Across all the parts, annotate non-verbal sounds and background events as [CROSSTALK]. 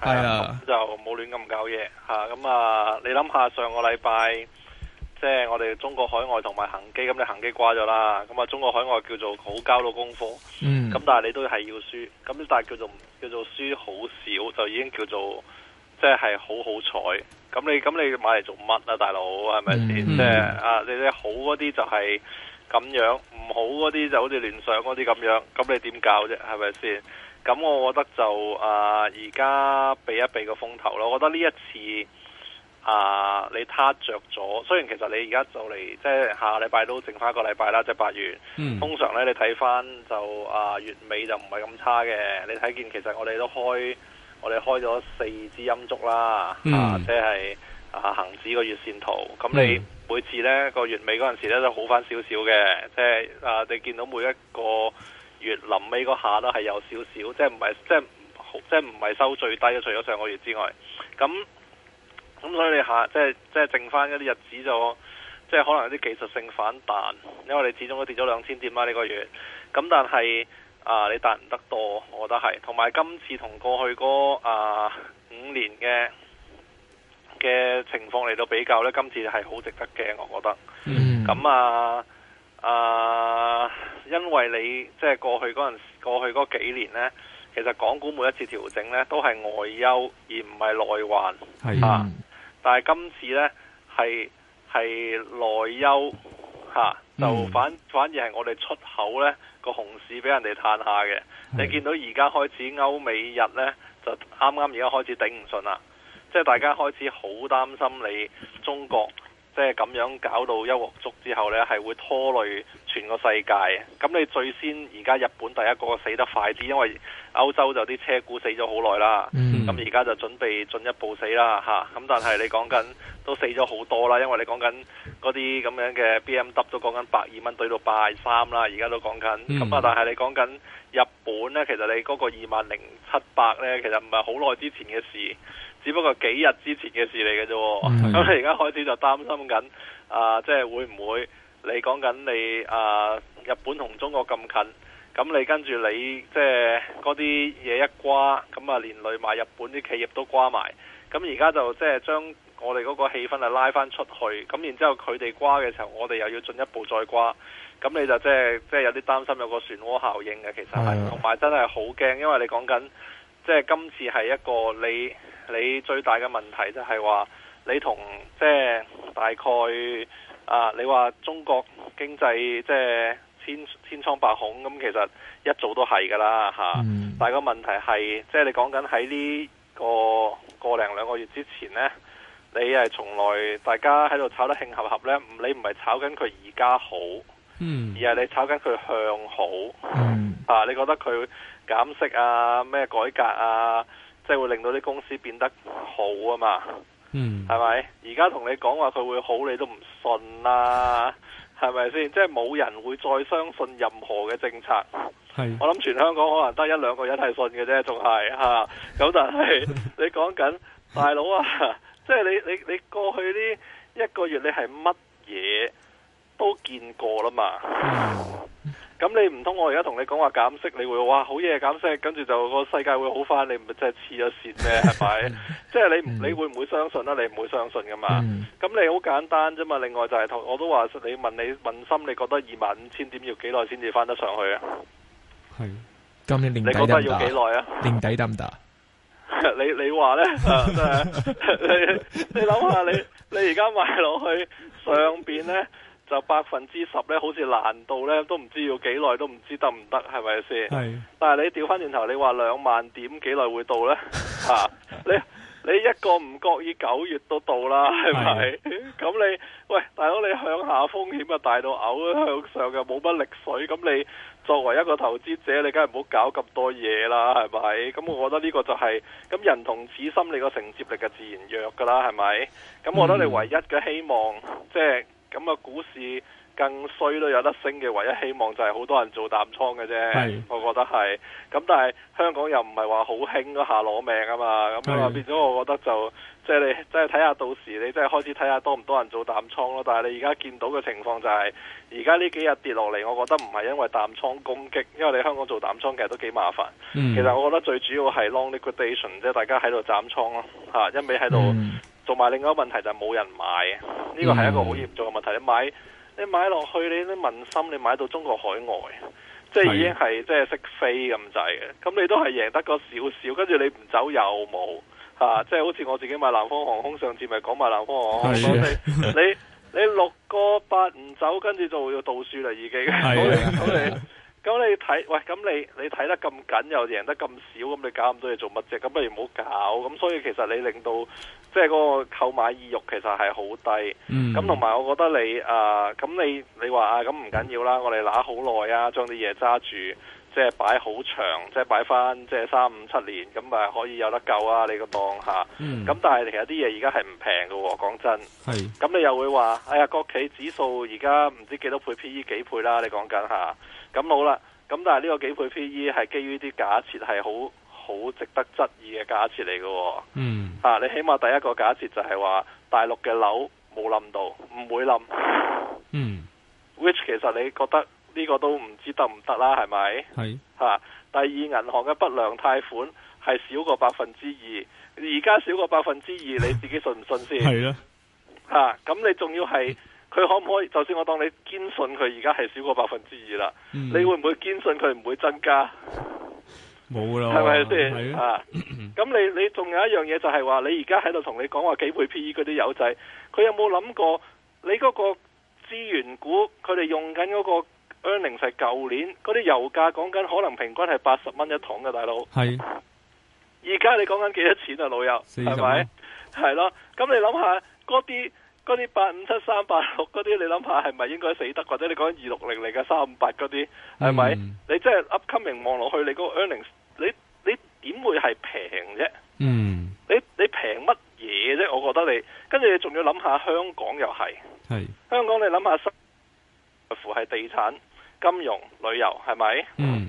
係啊，哎、呀就冇亂咁搞嘢吓，咁啊，啊，你諗下上個禮拜，即、就、係、是、我哋中國海外同埋恒基，咁你恒基掛咗啦，咁啊中國海外叫做好交到功課咁、嗯、但係你都係要輸，咁但係叫做叫做輸好少，就已經叫做即係好好彩，咁、就是、你咁你買嚟做乜啊，大佬係咪先？即係、嗯、啊，你啲好嗰啲就係咁樣，唔好嗰啲就好似聯想嗰啲咁樣，咁你點教啫？係咪先？咁我覺得就啊，而、呃、家避一避個風頭咯。我覺得呢一次啊、呃，你撻着咗。雖然其實你而家就嚟，即係下禮拜都剩翻一個禮拜啦，即係八月。嗯、通常呢，你睇翻就啊、呃，月尾就唔係咁差嘅。你睇見其實我哋都開，我哋開咗四支陰燭啦。嗯、啊，即係啊，恆指、呃、個月線圖。咁你每次呢個月尾嗰陣時呢，都好翻少少嘅，即係啊，你見到每一個。月臨尾嗰下都係有少少，即係唔係，即係即係唔係收最低嘅，除咗上個月之外，咁咁所以你下即係即係剩翻一啲日子就，即係可能有啲技術性反彈，因為你始終都跌咗兩千點啦呢個月，咁但係啊你彈唔得多，我覺得係，同埋今次同過去嗰啊五年嘅嘅情況嚟到比較，呢今次係好值得嘅，我覺得，咁、嗯嗯、啊。啊，uh, 因為你即係、就是、過去嗰陣過去幾年呢，其實港股每一次調整呢，都係外憂而唔係內患、mm. 啊、但係今次呢，係係內憂吓，就反、mm. 反而係我哋出口呢個熊市俾人哋嘆下嘅，你見到而家開始歐美日呢，就啱啱而家開始頂唔順啦，即、就、係、是、大家開始好擔心你中國。即係咁樣搞到一鑊粥之後咧，係會拖累。全個世界，咁你最先而家日本第一個死得快啲，因為歐洲就啲車股死咗好耐啦。咁而家就準備進一步死啦，嚇、啊！咁但係你講緊都死咗好多啦，因為你講緊嗰啲咁樣嘅 BMW 都講緊百二蚊對到拜三啦，而家都講緊。咁啊、嗯，但係你講緊日本呢，其實你嗰個二萬零七百呢，其實唔係好耐之前嘅事，只不過幾日之前嘅事嚟嘅啫。咁、嗯、你而家開始就擔心緊啊，即、就、係、是、會唔會？你講緊你啊、呃，日本同中國咁近，咁你跟住你即係嗰啲嘢一瓜，咁啊連累埋日本啲企業都瓜埋，咁而家就即係將我哋嗰個氣氛啊拉翻出去，咁然之後佢哋瓜嘅時候，我哋又要進一步再瓜，咁你就即係即係有啲擔心有個漩渦效應嘅，其實係，同埋、mm. 真係好驚，因為你講緊即係今次係一個你你最大嘅問題就係話你同即係大概。啊！你話中國經濟即係千千瘡百孔，咁其實一早都係噶啦吓。啊嗯、但個問題係，即係你講緊喺呢個個零兩個月之前呢，你係從來大家喺度炒得興合合呢，你唔係炒緊佢而家好，嗯、而係你炒緊佢向好，嗯、啊，你覺得佢減息啊，咩改革啊，即係會令到啲公司變得好啊嘛？嗯是，係咪？而家同你講話佢會好，你都唔信啦，啊，係咪先？即係冇人會再相信任何嘅政策。係，是 我諗全香港可能得一兩個人係信嘅啫，仲係吓。咁，啊，但係你講緊 [LAUGHS] 大佬啊，即係你你你過去呢一個月你係乜嘢都見過啦嘛。咁你唔通我而家同你講話減息，你會哇，好嘢，減息，跟住就個世界會好翻，你咪 [LAUGHS] 即係黐咗線咩？係咪、嗯？即係你你會唔會相信啦？你唔會相信噶嘛？咁、嗯、你好簡單啫嘛。另外就係、是、同我都話，你問你問心，你覺得二萬五千點要幾耐先至翻得上去啊？係今年年底得唔得？你覺得要幾耐啊？年底得唔得？你呢、啊、 [LAUGHS] 你話咧，真係你你諗下，你你而家買落去上邊咧？就百分之十咧，好似難度咧，都唔知要幾耐，都唔知得唔得，係咪先？但係你調翻轉頭，你話兩萬點幾耐會到咧、 [LAUGHS] 啊？你你一個唔覺意九月都到啦，係咪？咁是的 [LAUGHS] 你喂，大佬你向下風險啊大到嘔，向上又冇乜力水，咁你作為一個投資者，你梗係唔好搞咁多嘢啦，係咪？咁我覺得呢個就係、是、咁人同此心，你個承接力嘅自然弱噶啦，係咪？咁我覺得你唯一嘅希望即係。嗯，就是咁啊、嗯、股市更衰都有得升嘅唯一希望就係好多人做淡倉嘅啫，我覺得係。咁但係香港又唔係話好興嗰下攞命啊嘛，咁啊變咗我覺得就即係你即係睇下到時你即係開始睇下多唔多人做淡倉咯。但係你而家見到嘅情況就係而家呢幾日跌落嚟，我覺得唔係因為淡倉攻擊，因為你香港做淡倉其實都幾麻煩。嗯、其實我覺得最主要係 long liquidation 即係大家喺度斬倉咯，嚇一味喺度。嗯同埋另外一個問題就係冇人買，呢個係一個好嚴重嘅問題。嗯、你買，你買落去，你啲問心你買到中國海外，即係已經係的即係識飛咁滯嘅。咁你都係贏得個少少，跟住你唔走又冇、啊、即係好似我自己買南方航空，上次咪講買南方航空，是的 你 [LAUGHS] 你六個八唔走，跟住就要倒數啦已經。好好咁你睇喂，咁你你睇得咁緊又贏得咁少，咁你搞咁多嘢做乜啫？咁不如唔好搞。咁所以其實你令到即係、就是、個購買意欲其實係好低。咁同埋我覺得你、呃、你，你啊，咁你你話啊，咁唔緊要啦，我哋攞好耐啊，將啲嘢揸住，即係擺好長，即係擺返即係三五七年，咁咪可以有得救啊？你個當下。咁、嗯、但係其實啲嘢而家係唔平嘅喎，講真。係是。咁你又會話，哎呀，國企指數而家唔知幾多倍 P E 幾倍啦？你講緊吓。咁好啦，咁但係呢個幾倍 PE 係基於啲假設，係好好值得質疑嘅假設嚟嘅。嗯、啊，你起碼第一個假設就係話大陸嘅樓冇冧到，唔會冧。嗯，which 其實你覺得呢個都唔知得唔得啦，係咪？係是。吓、啊，第二銀行嘅不良貸款係少過百分之二，而家少過百分之二，你自己信唔信先？係 [LAUGHS] 的啊，吓，咁你仲要係。佢可唔可以？就算我當你堅信佢而家係少過百分之二啦，嗯、你會唔會堅信佢唔會增加？冇啦了，係咪先係啊？咁你你仲有一樣嘢就係話，你而家喺度同你講話幾倍 P E 嗰啲友仔，佢有冇諗過你嗰個資源股，佢哋用緊嗰個 earnings 係舊年嗰啲油價講緊可能平均係八十蚊一桶嘅大佬，係而家你講緊幾多錢啊老友？係咪元？係咯，咁你諗下嗰啲。嗰啲八五七三八六嗰啲，你諗下係咪應該死得？或者你講二六零零嘅三五八嗰啲，係咪？你真係、嗯、upcoming 望落去，你個 earnings，你你點會係平啫？嗯，你你平乜嘢啫？我覺得你跟住你仲要諗下香港又係，係是香港你諗下，身，乎係地產、金融、旅遊，係咪？嗯，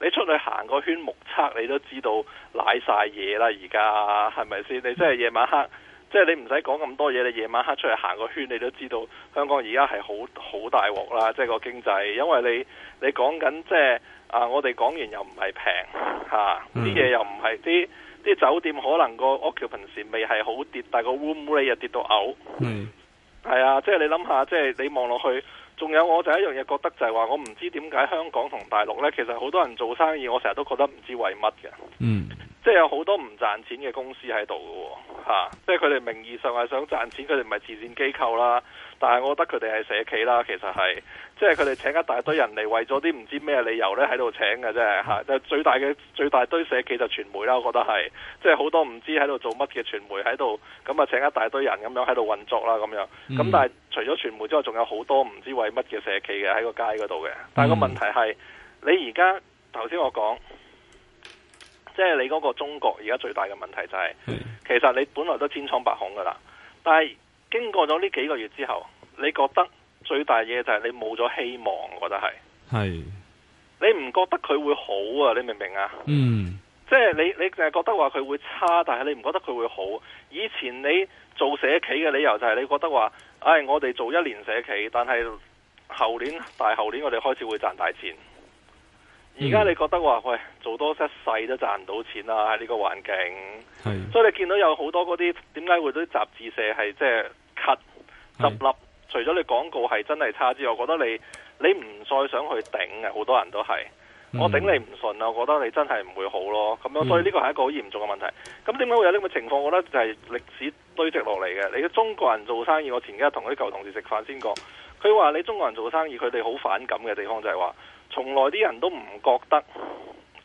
你出去行個圈目測，你都知道瀨晒嘢啦，而家係咪先？你真係夜晚黑。即係你唔使講咁多嘢，你夜晚黑出嚟行個圈，你都知道香港而家係好好大鑊啦！即係個經濟，因為你你講緊即係、呃、啊，我哋講完又唔係平嚇，啲嘢又唔係啲啲酒店可能個 occupancy 未係好跌，但係個 room rate 又跌到嘔。嗯，係啊，即係你諗下，即係你望落去，仲有我就一樣嘢覺得就係話，我唔知點解香港同大陸呢，其實好多人做生意，我成日都覺得唔知為乜嘅。嗯。即係有好多唔賺錢嘅公司喺度嘅喎，嚇，即係佢哋名義上係想賺錢，佢哋唔係慈善機構啦，但係我覺得佢哋係社企啦，其實係，即係佢哋請一大堆人嚟為咗啲唔知咩理由咧喺度請嘅啫，嚇、啊、最大嘅最大堆社企就傳媒啦，我覺得係，即係好多唔知喺度做乜嘅傳媒喺度，咁啊請一大堆人咁樣喺度運作啦咁樣，咁、嗯、但係除咗傳媒之外，仲有好多唔知為乜嘅社企嘅喺個街嗰度嘅，但係個問題係、嗯、你而家頭先我講。即係你嗰個中國而家最大嘅問題就係、是，是其實你本來都千瘡百孔噶啦，但係經過咗呢幾個月之後，你覺得最大嘢就係你冇咗希望，我覺得係。係是你唔覺得佢會好啊？你明唔明啊？嗯，即係你你淨係覺得話佢會差，但係你唔覺得佢會好？以前你做社企嘅理由就係你覺得話，唉、哎，我哋做一年社企，但係後年大後年我哋開始會賺大錢。而家你覺得話喂做多一世都賺唔到錢喇！喺、這、呢個環境，是的 所以你見到有好多嗰啲，點解會啲雜誌社係即係咳執笠？就是、cut, 是的 除咗你廣告係真係差之外，我覺得你你唔再想去頂嘅，好多人都係，嗯、我頂你唔順啊！我覺得你真係唔會好咯。咁樣所以呢個係一個好嚴重嘅問題。咁點解會有呢個情況？我覺得就係歷史堆積落嚟嘅。你嘅中國人做生意，我前幾日同啲舊同事食飯先講，佢話你中國人做生意，佢哋好反感嘅地方就係、是、話。從來啲人都唔覺得，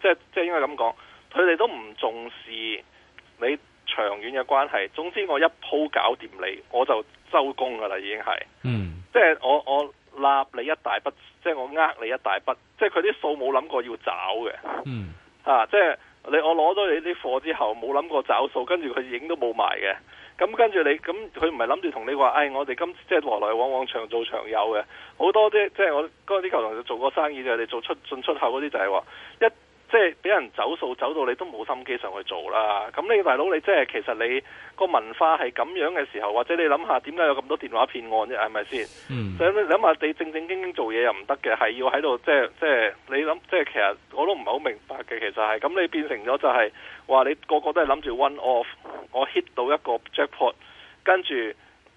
即係即係應該咁講，佢哋都唔重視你長遠嘅關係。總之我一鋪搞掂你，我就收工㗎啦，已經係。嗯即是。即係我我立你一大筆，即係我呃你一大筆，即係佢啲數冇諗過要找嘅。嗯。啊，即係你我攞咗你啲貨之後，冇諗過找數，跟住佢影都冇埋嘅。咁跟住你，咁佢唔係諗住同你話，唉、哎，我哋今即係來來往往，長做長有嘅。好多啲即係我嗰啲球童就做過生意就係你做出進出口嗰啲就係話一。即係俾人走數走到你都冇心機上去做啦。咁你大佬你即係其實你個文化係咁樣嘅時候，或者你諗下點解有咁多電話騙案啫？係咪先？嗯。所以你諗下你正正經經做嘢又唔得嘅，係要喺度即係即係你諗即係其實我都唔係好明白嘅。其實係咁，你變成咗就係話你個個都係諗住 one off，我 hit 到一個 jackpot，跟住。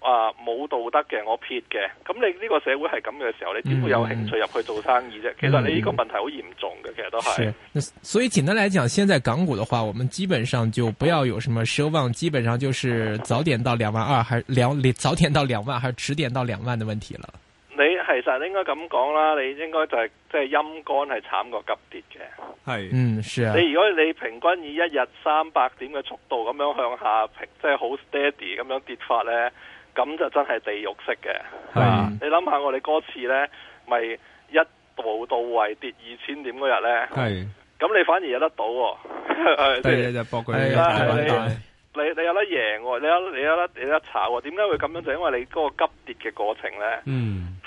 啊！冇道德嘅，我撇嘅。咁你呢個社會係咁嘅時候，你點會有興趣入去做生意啫？嗯、其實你呢個問題好嚴重嘅，嗯、其實都係。所以簡單來講，現在港股嘅話，我們基本上就不要有什麼奢望，基本上就是早點到兩萬二，還兩早點到兩萬，還是遲點到兩萬嘅問題啦。你其實你應該咁講啦，你應該就係即係陰乾係慘過急跌嘅。係是，嗯，是啊。你如果你平均以一日三百點嘅速度咁樣向下平，即係好 steady 咁樣跌法呢。咁就真係地獄式嘅，啊、你諗下我哋嗰次呢咪一步到位跌二千點嗰日呢，係咁、啊、你反而有得到、哦，喎 [LAUGHS] 你。第二日博佢大你你有得贏、哦，你有你有得你喎。得炒、哦，點解會咁樣？就因為你嗰個急跌嘅過程呢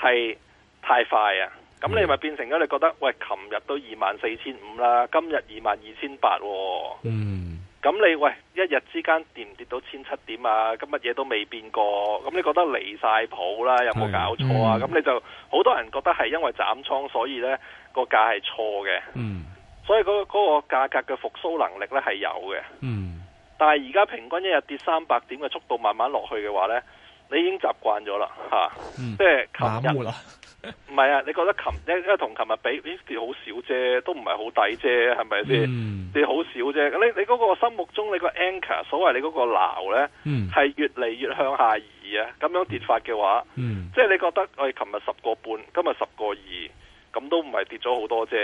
係、嗯、太快啊！咁你咪變成咗你覺得，喂，琴日都二萬四千五啦，今日二萬二千八喎。嗯。咁你喂一日之間跌唔跌到千七點啊，咁乜嘢都未變過，咁你覺得離晒譜啦？有冇搞錯啊？咁、嗯、你就好多人覺得係因為斬倉，所以呢、呢個價係錯嘅。嗯，所以嗰、嗰個、嗰個價格嘅復甦能力呢係有嘅。嗯，但係而家平均一日跌三百點嘅速度慢慢落去嘅話呢，你已經習慣咗啦、啊、嗯，即係。慘唔係啊，你覺得琴因為同琴日比跌好少啫，都唔係好抵啫，係咪先？跌好少啫，咁你你嗰個心目中你個 anchor，所謂你嗰個錨咧，係、mm. 越嚟越向下移啊，咁樣跌法嘅話，mm. 即係你覺得，我哋琴日十個半，今日十個二。咁都唔係跌咗好多啫，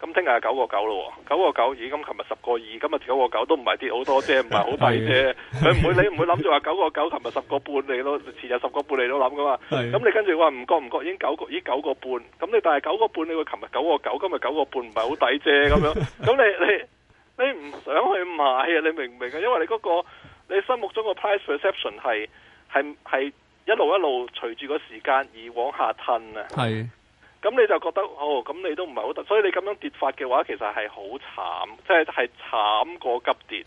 咁聽日九個九咯喎，九個九二，咁琴日十個二，今日九個九都唔係跌好多啫，唔係好抵啫。佢唔會 [LAUGHS] 你唔會諗住話九個九，琴日十個半你都前日十個半你都諗噶嘛。咁的、嗯、你跟住話唔覺唔覺已經九個、嗯，5, 9. 9, 已經九個半。咁 [LAUGHS] 你但係九個半，你會琴日九個九，今日九個半，唔係好抵啫咁樣。咁你你你唔想去買啊？你明唔明啊？因為你嗰、嗰個你心目中個 price perception 係係係一路一路隨住個時間而往下褪啊。咁你就覺得哦，咁你都唔係好得，所以你咁樣跌法嘅話，其實係好慘，即係係慘過急跌。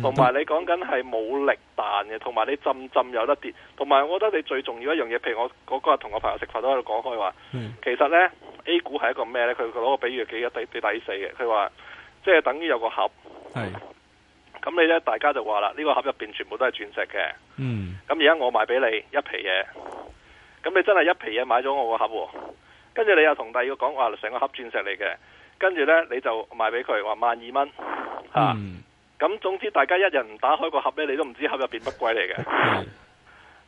同埋、嗯、你講緊係冇力彈嘅，同埋你浸浸有得跌。同埋我覺得你最重要一樣嘢，譬如我嗰日同我朋友食飯都喺度講開話，是其實呢 A 股係一個咩呢？佢佢攞個比喻幾抵死嘅。佢話即係等於有個盒，係是。咁你呢，大家就話啦，呢、呢個盒入面全部都係鑽石嘅。咁而家我賣俾你一皮嘢，咁你真係一皮嘢買咗我個盒喎、哦。跟住你又同第二個講話，成個盒鑽石嚟嘅。跟住呢，你就賣俾佢，話萬二蚊，吓咁、嗯啊、總之大家一人唔打開個盒呢，你都唔知盒入邊乜鬼嚟嘅。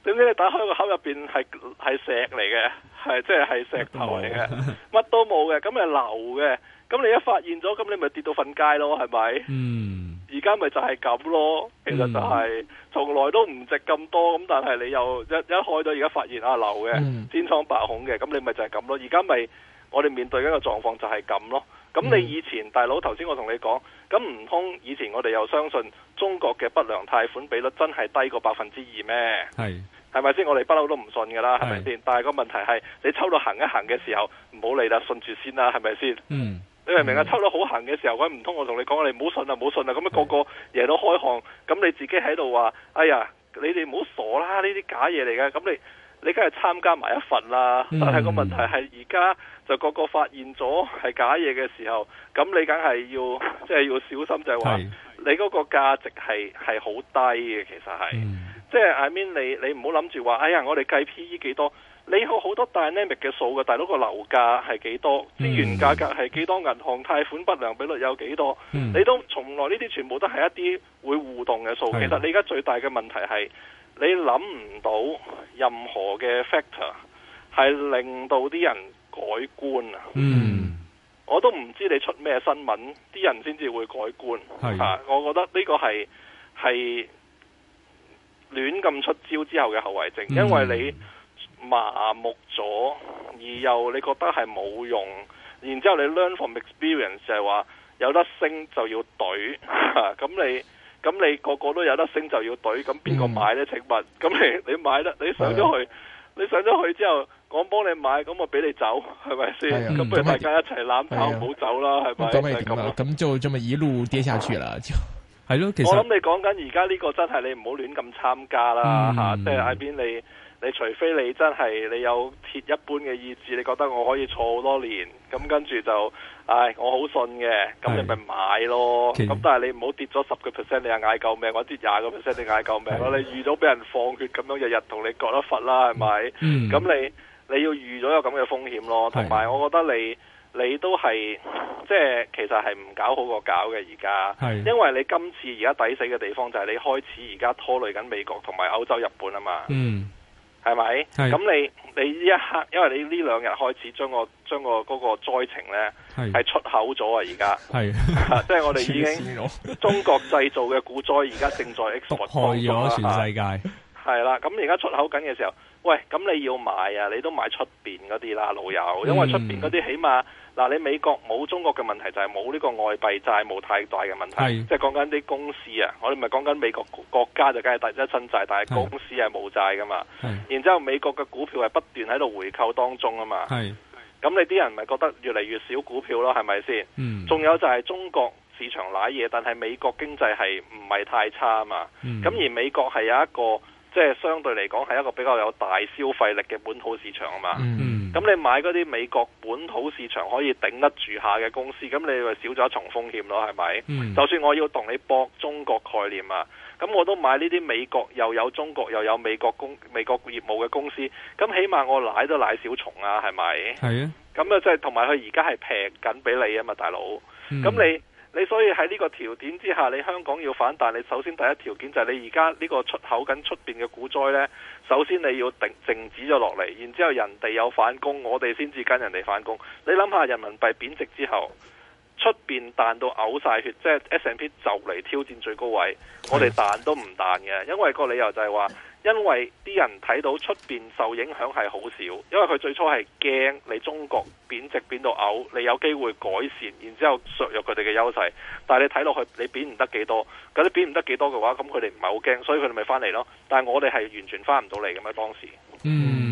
點知 [LAUGHS] 你打開個盒入邊係係石嚟嘅，係即係係石頭嚟嘅，乜 [LAUGHS] 都冇嘅，咁係流嘅。咁你一發現咗，咁你咪跌到瞓街咯，係咪？嗯而家咪就係咁咯，其實就係從來都唔值咁多，咁但係你又一一開到而家發現阿劉嘅千瘡百孔嘅，咁你咪就係咁咯。而家咪我哋面對緊嘅狀況就係咁咯。咁你以前、嗯、大佬頭先我同你講，咁唔通以前我哋又相信中國嘅不良貸款比率真係低過百分之二咩？係咪先？我哋不嬲都唔信㗎啦，係咪先？是但係個問題係你抽到行一行嘅時候，唔好理啦，順住先啦、啊，係咪先？嗯。你明唔明啊？抽到好行嘅時候，佢唔通我同你講，你唔好信啊，唔好信啊！咁啊，個個贏到開巷，咁你自己喺度話，哎呀，你哋唔好傻啦，呢啲假嘢嚟㗎。」咁你你梗係參加埋一份啦。但係個問題係而家就個個發現咗係假嘢嘅時候，咁你梗係要即係、就是、要小心，就係、是、話你嗰個價值係係好低嘅，其實係，嗯、即係 I mean 你你唔好諗住話，哎呀，我哋計 P E 幾多。你有好多 dynamic 嘅數嘅，大陸個樓價係幾多，資源價格係幾多，銀行貸款不良比率有幾多，嗯、你都從來呢啲全部都係一啲會互動嘅數。的其實你而家最大嘅問題係你諗唔到任何嘅 factor 係令到啲人改觀啊！嗯，我都唔知你出咩新聞，啲人先至會改觀。的啊，我覺得呢個係係亂咁出招之後嘅後遺症，嗯、因為你。麻木咗，而又你覺得係冇用，然之後你 learn from experience 就係話有得升就要懟，咁你咁你個個都有得升就要懟，咁邊個買呢？嗯、請問，咁你你買得你上咗去，你上咗去之後，我幫你買，咁我俾你走，係咪先？咁不如大家一齊攬炒唔好走啦，係咪？咁咁咁就這麼一路跌下去啦，啊、就。我諗你講緊而家呢個真係你唔好亂咁參加啦吓，即係喺邊你，你除非你真係你有鐵一般嘅意志，你覺得我可以坐好多年，咁跟住就，唉、哎，我好信嘅，咁你咪買咯，咁的但係你唔好跌咗十個 percent，你又嗌救命；或者的跌廿個 percent，你嗌救命。的你預咗俾人放血咁樣，日日同你割一忽啦，係咪、嗯？咁的你你要預咗有咁嘅風險咯，同埋的我覺得你。你都係即係，其實係唔搞好過搞嘅而家，係是因為你今次而家抵死嘅地方就係你開始而家拖累緊美國同埋歐洲、日本啊嘛，嗯，係咪吧？咁是你你呢一刻，因為你呢兩日開始將個將個嗰個災情呢係是出口咗是啊，而家係即係我哋已經中國製造嘅股災，而家正在 export [LAUGHS] 毒害咗全世界，啊，係啦。咁而家出口緊嘅時候，喂，咁你要買啊？你都買出邊嗰啲啦，老友，因為出邊嗰啲起碼。嗱，你美國冇中國嘅問題就係冇呢個外幣債務太大嘅問題，即係講緊啲公司啊。我哋唔係講緊美國國家就梗係第一新債，但係公司係冇債噶嘛。是然之後美國嘅股票係不斷喺度回購當中啊嘛。咁是你啲人咪覺得越嚟越少股票咯，係咪先？仲、嗯、有就係中國市場瀨嘢，但係美國經濟係唔係太差啊嘛。咁、嗯、而美國係有一個即係、就是、相對嚟講係一個比較有大消費力嘅本土市場啊嘛。嗯嗯。咁你買嗰啲美國本土市場可以頂得住下嘅公司，咁你咪少咗一重風險咯，係咪？嗯、就算我要同你博中國概念啊，咁我都買呢啲美國又有中國又有美國公美國業務嘅公司，咁起碼我奶都奶少重啊，係咪？係啊，咁啊即係同埋佢而家係平緊俾你啊嘛，大佬，咁、嗯、你。你所以喺呢個條件之下，你香港要反彈，你首先第一條件就係你而家呢個出口緊出邊嘅股災呢，首先你要停靜止咗落嚟，然之後人哋有反攻，我哋先至跟人哋反攻。你諗下人民幣貶值之後。出邊彈到嘔曬血，即係 S&P 就嚟挑戰最高位，我哋彈都唔彈嘅，因為個理由就係話，因為啲人睇到出邊受影響係好少，因為佢最初係驚你中國貶值貶到嘔，你有機會改善，然之後削弱佢哋嘅優勢。但你睇落去，你貶唔得幾多，咁你貶唔得幾多嘅話，咁佢哋唔係好驚，所以佢哋咪翻嚟咯。但係我哋係完全翻唔到嚟噉樣當時。嗯。